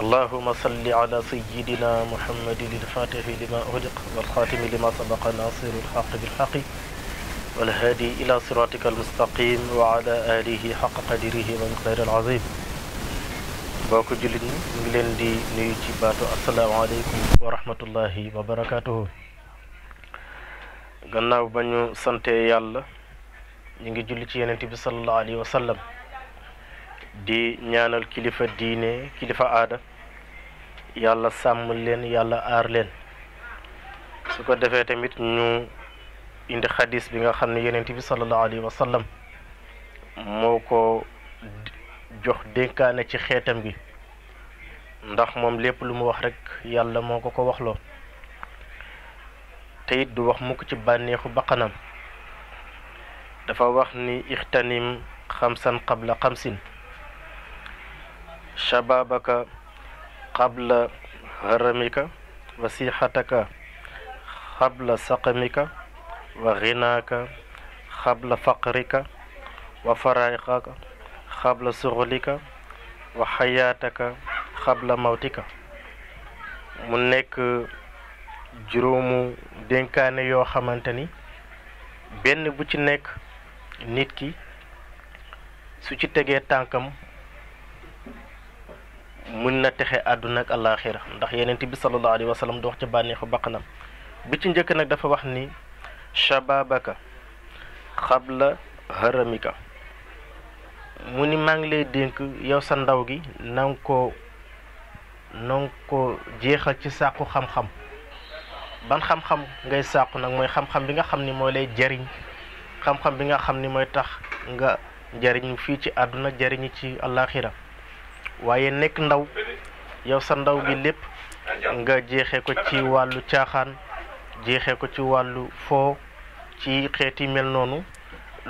اللهم صل على سيدنا محمد الفاتح لما أغلق والخاتم لما سبق ناصر الحق بالحق والهادي إلى صراطك المستقيم وعلى آله حق قدره خير العظيم بوكو جلن مجلن دي نيوتي باتو السلام عليكم ورحمة الله وبركاته غناو بانيو سنتي يالا نيجي جلتي ينتي بصلى الله عليه وسلم دي نيانا الكلفة ديني كلفة آدم yàlla sàmm leen yàlla aar leen su ko defee tamit ñu indi xadis bi nga xam ne yenent bi sallallahu alayhi wa sallam moo ko jox dénkaane ci xeetam gi ndax moom lépp lu mu wax rek yàlla moo ko ko waxloo te du wax mukk ci bànneexu baqanam dafa wax ni ixtanim xamsan qabla xamsin shababaka qabla haramika wa sixataka qabla saqamika wa xinaaka qabla faqrika wa faraiqaka qabla suxulika wa xayaataka qabla mawtika mu nekk juróomu dénkaane yoo xamante ni benn bu ci nekk nit ki su ci tegee tànkam mën na texe àdduna ak àllaaxira ndax yeneent bi sallallahu alayhi wa sallam du wax ci bànneexu na bi ci njëkk nag dafa wax ni shababaka xabla haramika mu ni maa ngi lay dénk yow sa ndaw gi na nga ko na ko jeexal ci sàkku xam-xam ban xam-xam ngay sàkku nag mooy xam-xam bi nga xam ni mooy lay jariñ xam bi nga xam ni mooy tax nga jariñ fii ci àdduna jariñu ci àllaaxira waaye nekk ndaw yow sa ndaw gi lépp nga jeexee ko ci wàllu caaxaan jeexee ko ci wàllu foo ci xeeti mel noonu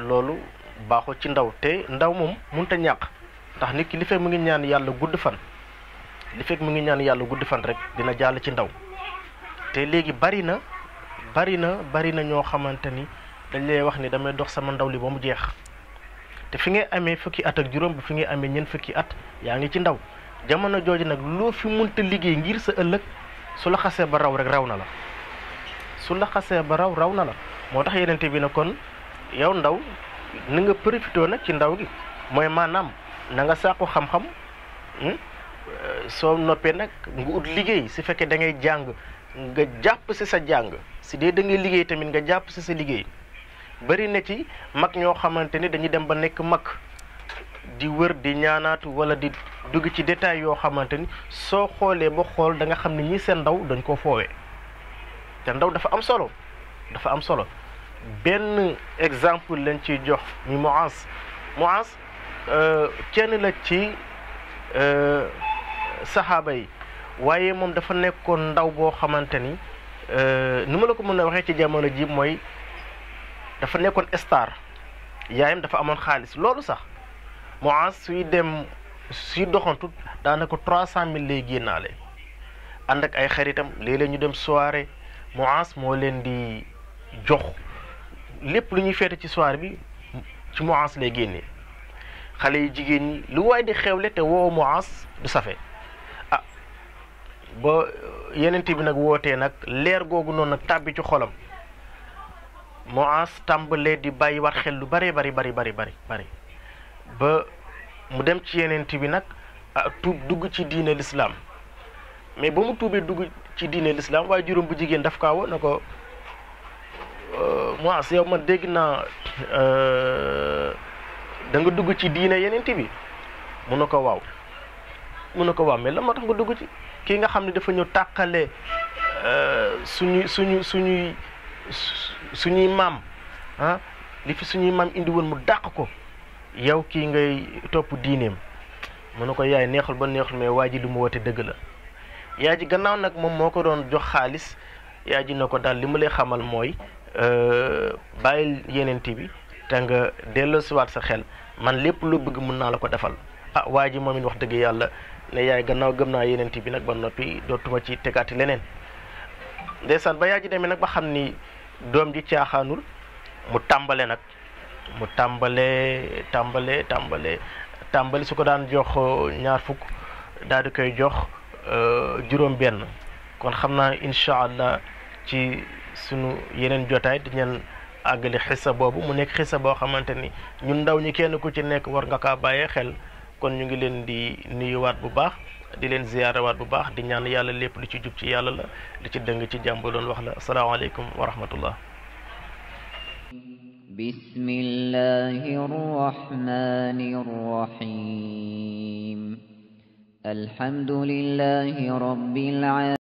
loolu baaxul ci ndaw te ndaw moom mënut a ñàkk ndax nit ki li fekk mu ngi ñaan yàlla gudd fan li fekk mu ngi ñaan yàlla gudd fan rek dina jàll ci ndaw te léegi bari na bari na bari na ñoo xamante ni dañ lay wax ni damay dox sama ndaw li ba mu jeex te fi ngay amee fukki at ak juróom ba fi ngay amee ñeent fukki at yaa ngi ci ndaw jamono jooju nag loo fi mënta liggéey ngir sa ëllëg su la xasee ba raw rek raw na la su la ba raw raw na la moo tax yenente bi ne kon yow ndaw ni nga profité nag ci ndaw gi mooy maanaam na nga saako xam-xam hmm, soo noppee nag nga ut liggéey su fekkee da ngay jàng nga jàpp si sa jàng si dee da ngay liggéey tamit nga jàpp si sa liggéey bari na ci mag ñoo xamante ni dañuy dem ba nekk mag di wër di ñaanaatu wala di dugg ci détail yoo xamante ni soo xoolee ba xool da nga xam ne ñii seen ndaw dañ koo foowee te ndaw dafa am solo dafa am solo benn exemple lañ ciy jox ñu Muaz Muaz euh, kenn la ci euh, saxaaba yi waaye moom dafa nekkoon ndaw boo xamante ni euh, nu ma la ko mën a waxee ci jamono ji mooy dafa nekkoon star yaayam dafa amoon xaalis loolu sax Muaz suy dem suy doxantu daanaka trois cent mille lay génnaale ànd ak ay xaritam léeg-léeg ñu dem soirée Muaz moo leen di jox lépp lu ñuy feete ci soirée bi ci Muaz lay génnee xale yu jigéen ñi lu waay di xewle te woo Muaz du safe ah boo yenente bi nag wootee nag leer googu noonu nag tàbbi ci xolam Muaz tàmbalee di bàyyi waat xel lu bëree bari bari bari bari bari ba mu dem ci yeneent bi nag ah, tuub dugg ci diine lislaam mais ba mu tuubee dugg ci diine lislaam waaye juróom bu jigéen daf kaa woo na ko euh, Muaz yow ma dégg naa euh, danga dugg ci diine yeneent bi mun na ko waaw mun na ko waaw mais la moo tax nga dugg ci kii nga xam ne dafa ñëw tàqale euh, suñu suñu suñuy suñuy maam ah li fi suñuy maam indi woon mu dàq ko yow kii ngay topp diineem mu na ko yaay neexul ba neexul mais waa ji li mu woote dëgg la yaa gannaaw nag moom moo ko doon jox xaalis yaa ji na ko daal li mu lay xamal mooy euh, bàyyil yenente bi te nga delloosiwaat sa xel man lépp lu bëgg mën naa la ko defal ah, waa ji moom wax dëgg yàlla ne yaay gannaaw gëm naa yenente bi nag ba noppi dootuma ci tegaati leneen ndeysaan ba yaa ji nag ba xam ni doom ji caaxaanul mu tàmbale nag mu tàmbale tàmbale tàmbale tàmbale su ko daan jox uh, ñaar fukk daal di koy jox uh, juróom benn kon xam naa incha allah ci sunu yeneen jotaay di dinañ àggali xisa boobu mu nekk sa boo xamante ni ñun ndaw ñi kenn ku ci nekk war nga kaa bàyyee xel kon ñu ngi leen di nuyuwaat bu baax di leen ziarewaat bu baax di ñaan yàlla lépp li ci jub ci yàlla la li ci dëng ci jàmbo doon wax la salaamaaleykum wa rahmatullah بسم الله الرحمن